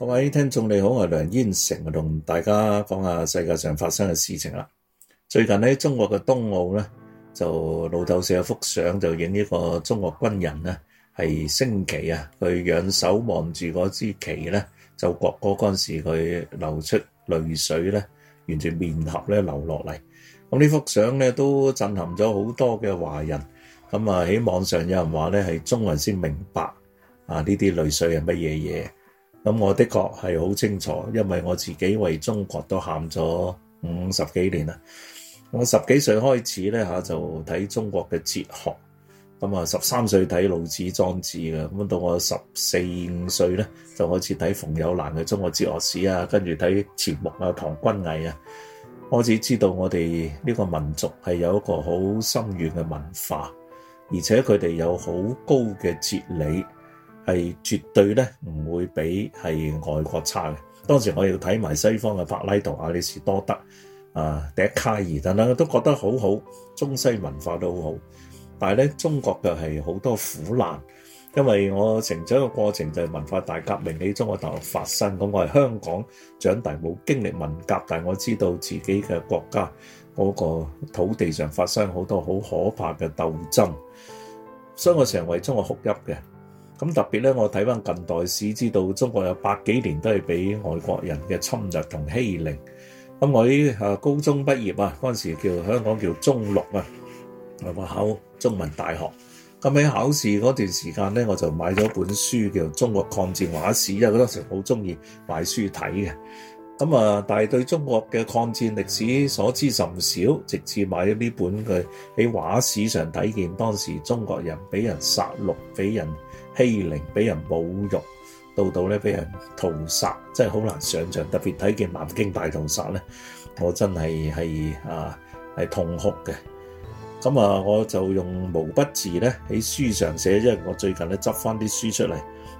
各位聽眾你好，我係梁燕成，同大家講下世界上發生嘅事情啦。最近呢中國嘅冬奧呢就路透社一幅相，就影呢個中國軍人呢係升旗啊，佢仰手望住嗰支旗呢就國歌嗰陣時佢流出淚水呢，沿住面頰咧流落嚟。咁呢幅相呢都震撼咗好多嘅華人。咁啊喺網上有人話呢係中國人先明白啊呢啲淚水係乜嘢嘢。咁我的確係好清楚，因為我自己為中國都喊咗五十幾年啦。我十幾歲開始呢，就睇中國嘅哲學，咁啊十三歲睇老子莊子嘅，咁到我十四五歲呢，就開始睇馮友蘭嘅《中國哲學史》啊，跟住睇錢穆啊、唐君毅啊，開始知道我哋呢個民族係有一個好深遠嘅文化，而且佢哋有好高嘅哲理。係絕對咧唔會比係外國差嘅。當時我要睇埋西方嘅柏拉圖、阿里士多德啊、笛卡爾等等，我都覺得好好。中西文化都好好，但係咧中國嘅係好多苦難，因為我成長嘅過程就係文化大革命喺中國大陸發生。咁我係香港長大，冇經歷文革，但係我知道自己嘅國家嗰個土地上發生好多好可怕嘅鬥爭，所以我成日為中國哭泣嘅。咁特別咧，我睇翻近代史，知道中國有百幾年都係俾外國人嘅侵略同欺凌。咁我喺高中畢業啊，嗰陣時叫香港叫中六啊，我考中文大學。咁喺考試嗰段時間咧，我就買咗本書叫做《中國抗戰畫史》，因為嗰陣時好中意買書睇嘅。咁啊，但係對中國嘅抗戰歷史所知甚少，直至買咗呢本佢喺畫史上睇見當時中國人俾人殺戮，俾人，欺凌，俾人侮辱，到到咧俾人屠殺，真係好難想象。特別睇見南京大屠殺咧，我真係係啊係痛哭嘅。咁啊，我就用毛筆字咧喺書上寫，因為我最近咧執翻啲書出嚟，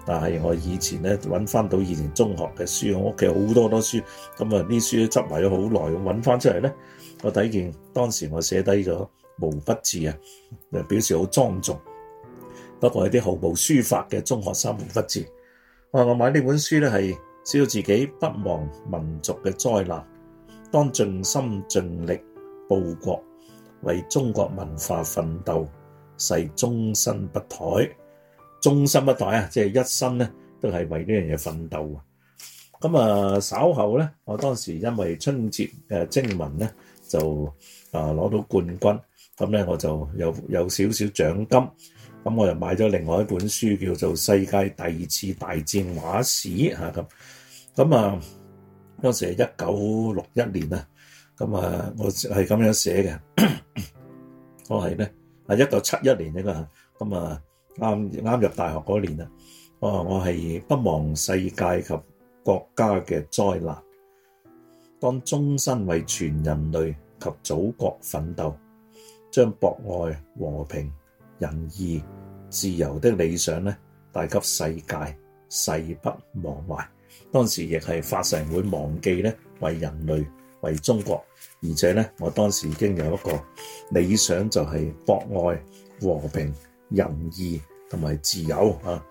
但係我以前咧揾翻到以前中學嘅書，我屋企好多好多書，咁啊啲書都執埋咗好耐，揾翻出嚟咧，我睇見當時我寫低咗毛筆字啊，就表示好莊重。不過係啲毫無書法嘅中學生唔得志。我話我買呢本書咧，係知道自己不忘民族嘅災難，當盡心盡力報國，為中國文化奮鬥，誓終身不殆。終身不殆啊！即係一生咧都係為呢樣嘢奮鬥啊！咁啊，稍後咧，我當時因為春節誒徵文咧，就啊攞到冠軍，咁咧我就有有少少獎金。咁我又買咗另外一本書，叫做《世界第二次大戰畫史》嚇咁。咁啊，當時係一九六一年啊。咁啊，我係咁樣寫嘅。我係咧，係一九七一年啊嘛。咁啊，啱啱入大學嗰年啊，我我係不忘世界及國家嘅災難，當終身為全人類及祖國奮鬥，將博愛和平。仁義自由的理想咧，帶給世界世不忘懷。當時亦係發誓唔會忘記咧，為人類、為中國，而且呢，我當時已經有一個理想，就係博愛、和平、仁義同埋自由啊！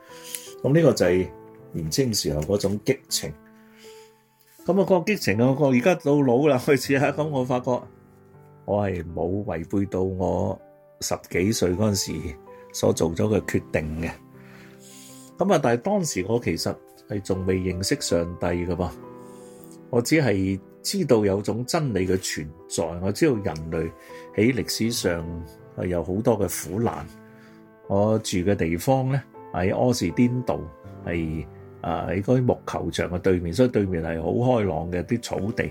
咁呢個就係年輕時候嗰種激情。咁啊，個激情啊，我覺得而家到老啦開始啊，我，我發覺我係冇違背到我，十幾歲嗰陣時候所做咗嘅決定嘅，咁啊，但係當時我其實係仲未認識上帝㗎噃，我只係知道有一種真理嘅存在，我知道人類喺歷史上係有好多嘅苦難，我住嘅地方咧喺柯士甸道係。啊！喺嗰啲木球場嘅對面，所以對面係好開朗嘅啲草地。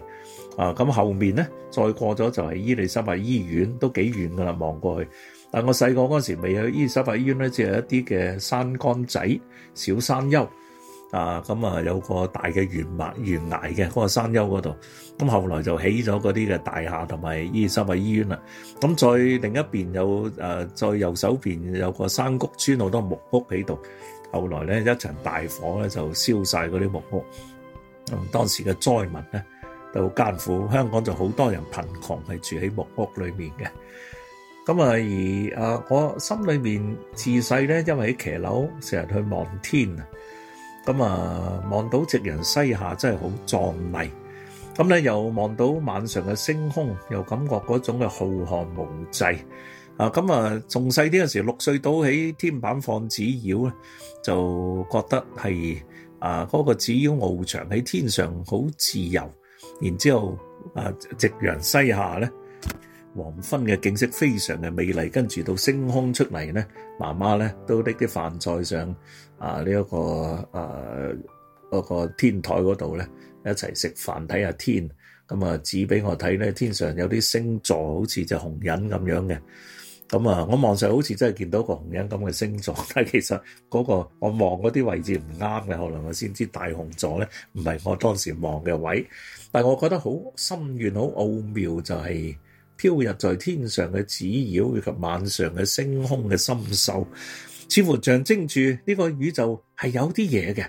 啊，咁、啊、後面咧，再過咗就係伊利沙伯醫院，都幾遠㗎喇，望過去。但我細個嗰陣時未去伊利沙伯醫院咧，只係一啲嘅山崗仔、小山丘。啊，咁啊有個大嘅懸麥懸崖嘅嗰、那個山丘嗰度。咁、啊、後來就起咗嗰啲嘅大廈同埋伊利沙伯醫院啦。咁、啊、再另一邊有誒、啊，再右手邊有個山谷村，好多木屋喺度。後來咧，一場大火咧就燒晒嗰啲木屋。當時嘅災民咧就艱苦，香港就好多人貧窮，係住喺木屋裏面嘅。咁啊，而啊，我心裏面自細咧，因為喺騎樓成日去望天啊，咁啊，望到夕陽西下真係好壯麗。咁咧又望到晚上嘅星空，又感覺嗰種嘅浩瀚無際。啊，咁啊，從細啲嗰時候，六歲到起天板放紙鷂咧，就覺得係啊嗰、那個紙鷂翱翔喺天上好自由。然之後啊，夕陽西下咧，黃昏嘅景色非常嘅美麗。跟住到星空出嚟咧，媽媽咧都拎啲飯菜上啊呢一、這個誒、啊那個天台嗰度咧，一齊食飯睇下天。咁啊，指俾我睇咧，天上有啲星座，好似隻紅人咁樣嘅。咁啊！我望上好似真係見到個紅人咁嘅星座，但係其實嗰、嗰個我望嗰啲位置唔啱嘅，後來我先知大熊座咧唔係我當時望嘅位。但係我覺得好深遠好奧妙，就係飄逸在天上嘅指妖，以及晚上嘅星空嘅深秀，似乎象徵住呢個宇宙係有啲嘢嘅，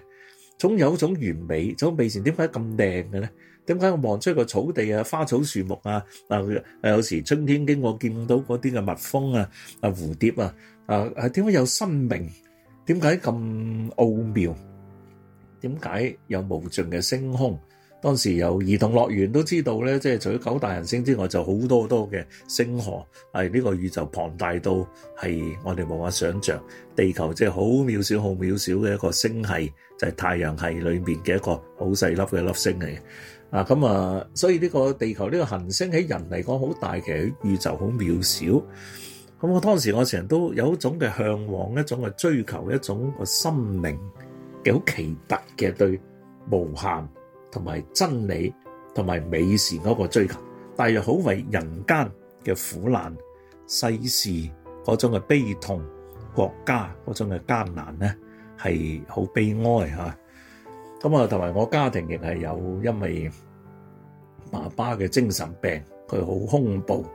總有種完美。咁大自然點解咁靚嘅咧？點解我望出個草地啊、花草樹木啊？嗱，誒，有時春天經過見到嗰啲嘅蜜蜂啊、啊蝴蝶啊，啊，係點解有生命？點解咁奧妙？點解有無盡嘅星空？當時由兒童樂園都知道咧，即係除咗九大行星之外，就好多多嘅星河。係呢個宇宙龐大到係我哋冇法想象，地球即係好渺小、好渺小嘅一個星系，就係太陽系裏面嘅一個好細粒嘅粒星嚟嘅。啊，咁啊，所以呢個地球呢個行星喺人嚟講好大，其實宇宙好渺小。咁我當時我成日都有一種嘅向往，一種嘅追求，一種嘅心靈嘅好奇特嘅對無限同埋真理同埋美善嗰個追求，但係又好為人間嘅苦難、世事嗰種嘅悲痛、國家嗰種嘅艱難咧，係好悲哀吓。咁啊，同埋我家庭亦係有，因為爸爸嘅精神病，佢好恐怖，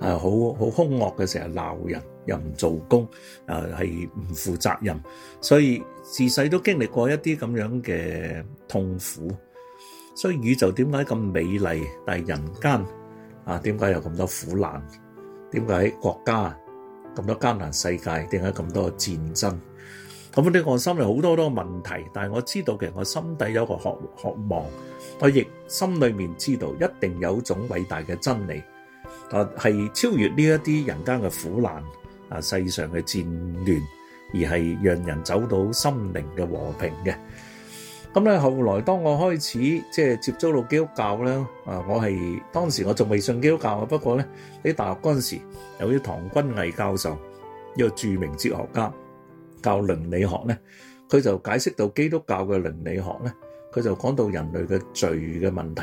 啊好好凶惡嘅，成日鬧人，又唔做工，啊係唔負責任，所以自細都經歷過一啲咁樣嘅痛苦。所以宇宙點解咁美麗，但係人間啊點解有咁多苦難？點解國家咁多艱難世界，點解咁多戰爭？咁啲我心裏有好多好多問題，但係我知道其實我心底有個渴渴望，我亦心裏面知道一定有種偉大嘅真理，啊係超越呢一啲人間嘅苦難啊，世上嘅戰亂，而係讓人走到心靈嘅和平嘅。咁咧後來當我開始即係接觸到基督教咧，啊我係當時我仲未信基督教啊，不過咧喺大學嗰陣時有啲唐君毅教授，一個著名哲學家。教倫理學咧，佢就解釋到基督教嘅倫理學咧，佢就講到人類嘅罪嘅問題，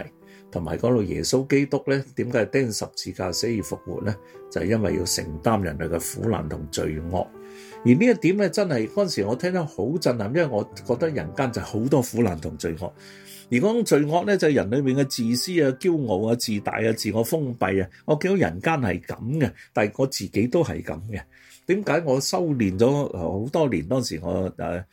同埋講到耶穌基督咧，點解係釘十字架死而復活咧？就係因為要承擔人類嘅苦難同罪惡。而呢一點咧，真係嗰陣時我聽得好震撼，因為我覺得人間就好多苦難同罪惡。而嗰種罪惡咧，就係人裏面嘅自私啊、驕傲啊、自大啊、自我封閉啊。我見到人間係咁嘅，但係我自己都係咁嘅。點解我修練咗好多年？當時我誒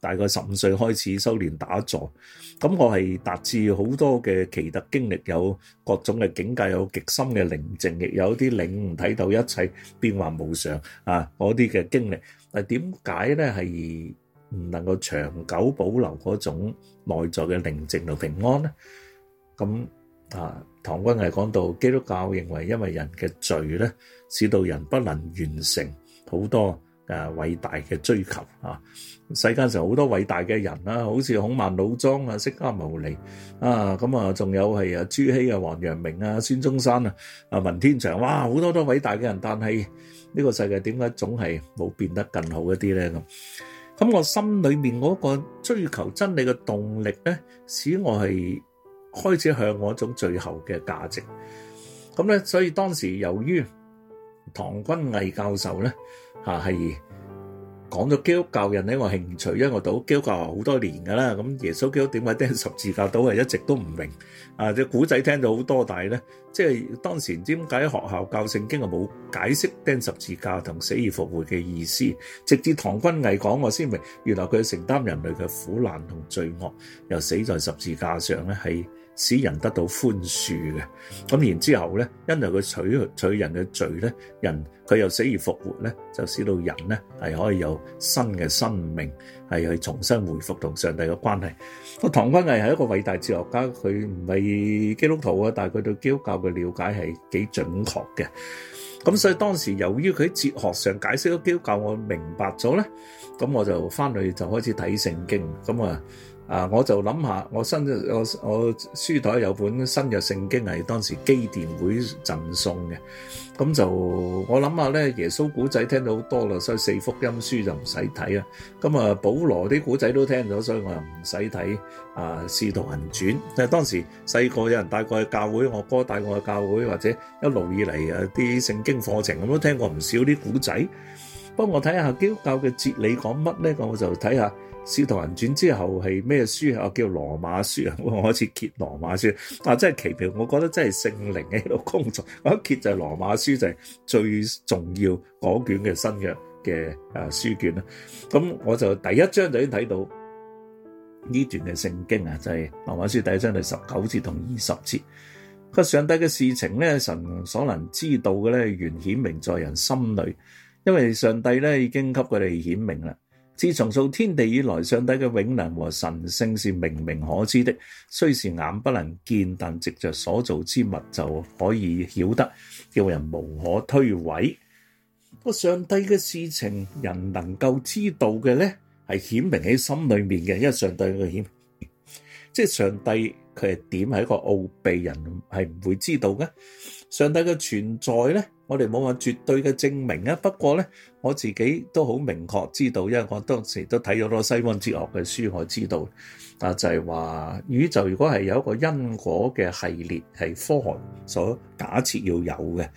大概十五歲開始修練打坐，咁我係達至好多嘅奇特經歷，有各種嘅境界，有極深嘅寧靜，亦有啲領悟，睇到一切變幻無常啊，嗰啲嘅經歷，但係點解咧，係唔能夠長久保留嗰種內在嘅寧靜同平安咧？咁啊，唐君毅係講到基督教認為，因為人嘅罪咧，使到人不能完成。好多誒偉大嘅追求啊！世界上好多偉大嘅人啦，好似孔孟老莊啊、釋迦牟尼啊，咁啊，仲有係啊朱熹啊、王陽明啊、孫中山啊、啊文天祥，哇、啊，好多多偉大嘅人。但係呢個世界點解總係冇變得更好一啲咧？咁咁我心裏面嗰個追求真理嘅動力咧，使我係開始向我一種最後嘅價值。咁咧，所以當時由於。唐君毅教授咧，吓係講咗基督教人呢我興趣，因為我讀基督教好多年噶啦。咁耶穌基督點解釘十字架是？都係一直都唔明。啊，只古仔聽咗好多，但係咧，即係當時唔知點解喺學校教聖經係冇解釋釘十字架同死而復活嘅意思。直至唐君毅講我先明，原來佢承擔人類嘅苦難同罪惡，又死在十字架上咧係。是使人得到寬恕嘅，咁然之後咧，因為佢取取人嘅罪咧，人佢又死而復活咧，就使到人咧係可以有新嘅生命，係去重新回復同上帝嘅關係。唐君毅係一個偉大哲學家，佢唔係基督徒啊，但係佢對基督教嘅了解係幾準確嘅。咁所以當時由於佢喺哲學上解釋咗基督教，我明白咗咧，咁我就翻去，就開始睇聖經，咁啊。啊！Uh, 我就諗下，我新我我書台有本新嘅聖經係當時基甸會贈送嘅，咁就我諗下咧，耶穌古仔聽到好多啦，所以四福音書就唔使睇啦。咁、嗯、啊，保羅啲古仔都聽咗，所以我又唔使睇。啊，使徒行傳，但係當時細個有人帶我去教會，我哥帶我去教會，或者一路以嚟啲聖經課程咁都聽過唔少啲古仔。幫我睇下基督教嘅哲理講乜咧？咁我就睇下。《使徒行傳》之後係咩書啊？我叫《羅馬書》，我開始揭《羅馬書》啊，啊真係奇妙！我覺得真係聖靈喺度工作。我一揭就係《羅馬書》，就係、是、最重要嗰卷嘅新約嘅誒書卷啦。咁我就第一章就已經睇到呢段嘅聖經啊，就係、是《羅馬書》第一章嘅十九節同二十節。個上帝嘅事情咧，神所能知道嘅咧，原顯明在人心裏，因為上帝咧已經給佢哋顯明啦。自從造天地以來，上帝嘅永能和神性是明明可知的，雖是眼不能見，但藉着所造之物就可以曉得，叫人無可推諉。個上帝嘅事情，人能夠知道嘅咧，係顯明喺心裏面嘅，因為上帝嘅顯明，即係上帝佢係點係一個奧秘，人係唔會知道嘅。上帝嘅存在咧。我哋冇話絕對嘅證明啊，不過咧我自己都好明確知道，因為我當時都睇咗好多西方哲學嘅書，我知道啊就係話宇宙如果係有一個因果嘅系列，係科學所假設要有嘅。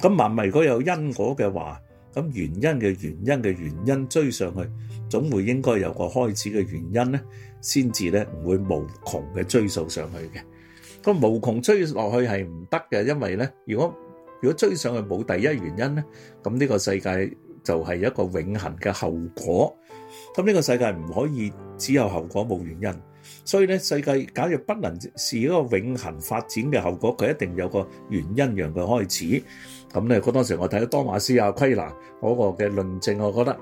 咁萬物如果有因果嘅話，咁原因嘅原因嘅原因追上去，總會應該有個開始嘅原因咧，先至咧唔會無窮嘅追溯上去嘅。咁無窮追落去係唔得嘅，因為咧如果。如果追上去冇第一原因呢，咁呢個世界就係一個永恆嘅後果。咁呢個世界唔可以只有後果冇原因，所以呢，世界假如不能是一個永恆發展嘅後果，佢一定有一個原因讓佢開始。咁呢，嗰當時我睇多馬斯亞奎拿嗰個嘅論證，我覺得。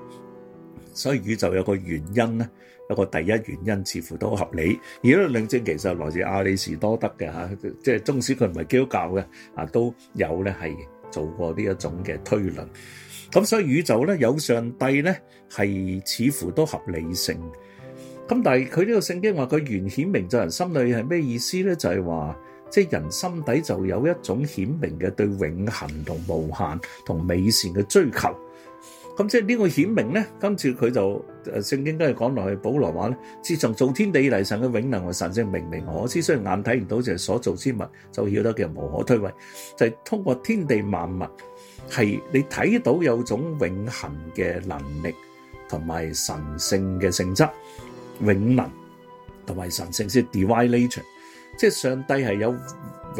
所以宇宙有個原因咧，有一個第一原因似乎都合理。而呢個論證其實來自亞里士多德嘅吓，即係縱使佢唔係基督教嘅啊，都有咧係做過呢一種嘅推論。咁所以宇宙咧有上帝咧係似乎都合理性。咁但係佢呢個聖經話佢原顯明在人心裏係咩意思咧？就係、是、話即係人心底就有一種顯明嘅對永恒同無限同美善嘅追求。咁即係呢個顯明咧，今次佢就聖經都係講落去，保羅話咧，自從造天地以嚟，神嘅永能和神性明明可知，雖然眼睇唔到就係所造之物，就曉得佢無可推諉就係、是、通過天地萬物，係你睇到有種永恒嘅能力同埋神性嘅性質，永能同埋神性，先 divine nature，即係上帝係有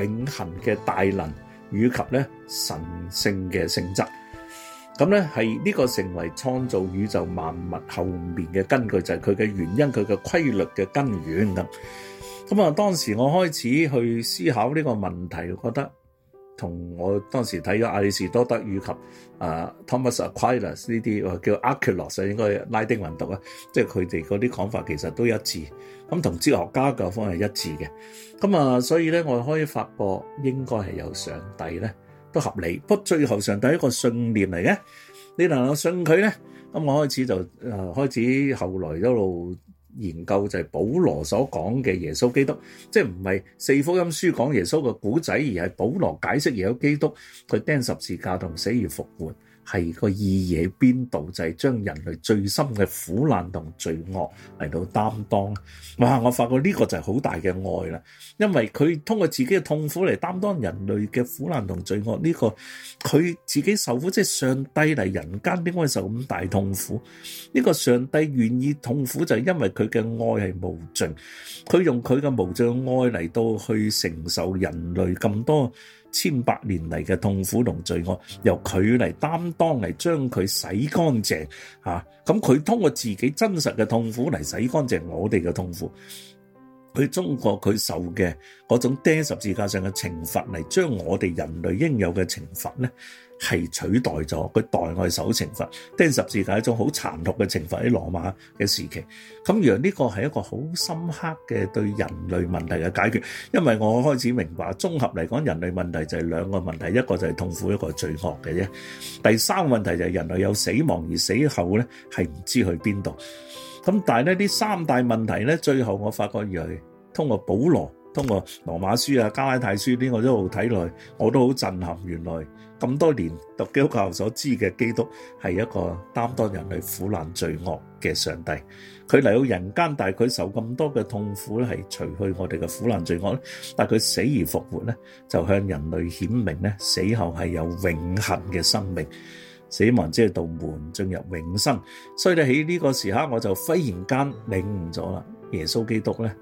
永恒嘅大能，以及咧神性嘅性質。咁咧係呢個成為創造宇宙萬物後面嘅根據，就係佢嘅原因、佢嘅規律嘅根源咁。咁、嗯、啊，當時我開始去思考呢個問題，我覺得同我當時睇咗阿里士多德以及啊 Thomas Aquinas 呢啲，或叫阿克諾應該拉丁文讀啊，即係佢哋嗰啲講法其實都一致，咁、嗯、同哲學家嘅方法係一致嘅。咁、嗯、啊，所以咧我可以發覺應該係有上帝咧。都合理，不最後上帝一個信念嚟嘅，你能夠信佢咧，咁我開始就誒、呃、開始後來一路研究就係保羅所講嘅耶穌基督，即係唔係四福音書講耶穌嘅古仔，而係保羅解釋耶穌基督佢釘十字架同死而復活。係個意義喺邊度就係、是、將人類最深嘅苦難同罪惡嚟到擔當，哇！我發覺呢個就係好大嘅愛啦，因為佢通過自己嘅痛苦嚟擔當人類嘅苦難同罪惡呢、這個，佢自己受苦即係、就是、上帝嚟人間，點解受咁大痛苦？呢、這個上帝願意痛苦就係因為佢嘅愛係無盡，佢用佢嘅無盡愛嚟到去承受人類咁多。千百年嚟嘅痛苦同罪惡，由佢嚟擔當嚟將佢洗乾淨，嚇、啊！咁佢通過自己真實嘅痛苦嚟洗乾淨我哋嘅痛苦。佢中國佢受嘅嗰種釘十字架上嘅懲罰，嚟將我哋人類應有嘅懲罰咧，係取代咗佢代我哋受懲罰。釘十字架一種好殘酷嘅懲罰喺羅馬嘅時期。咁原來呢個係一個好深刻嘅對人類問題嘅解決。因為我開始明白，綜合嚟講，人類問題就係兩個問題，一個就係痛苦，一個係罪惡嘅啫。第三個問題就係人類有死亡而死後咧係唔知去邊度。咁但係呢，啲三大問題呢，最後我發覺而嚟，通過保羅，通過羅馬書啊、加拉太書呢，我一路睇落去，我都好震撼。原來咁多年讀基督教所知嘅基督係一個擔當人類苦難罪惡嘅上帝，佢嚟到人間，但佢受咁多嘅痛苦咧，係除去我哋嘅苦難罪惡，但佢死而復活呢，就向人類顯明呢，死後係有永恆嘅生命。死亡即係道門進入永生，所以咧喺呢個時刻我就忽然間領悟咗啦。耶穌基督咧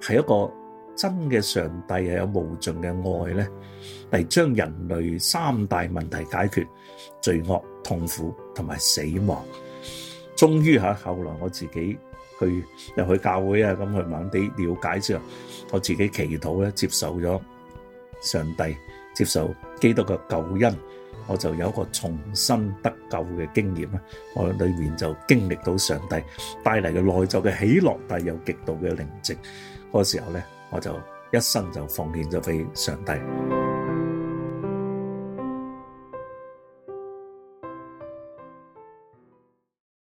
係一個真嘅上帝，又有無盡嘅愛咧，嚟將人類三大問題解決：罪惡、痛苦同埋死亡。終於吓後來我自己去入去教會啊，咁去慢慢哋了解之後，我自己祈禱咧接受咗上帝，接受基督嘅救恩。我就有一個重新得救嘅經驗啦，我裏面就經歷到上帝帶嚟嘅內在嘅喜樂，但有極度嘅寧靜，嗰、那個時候咧，我就一生就奉獻咗俾上帝。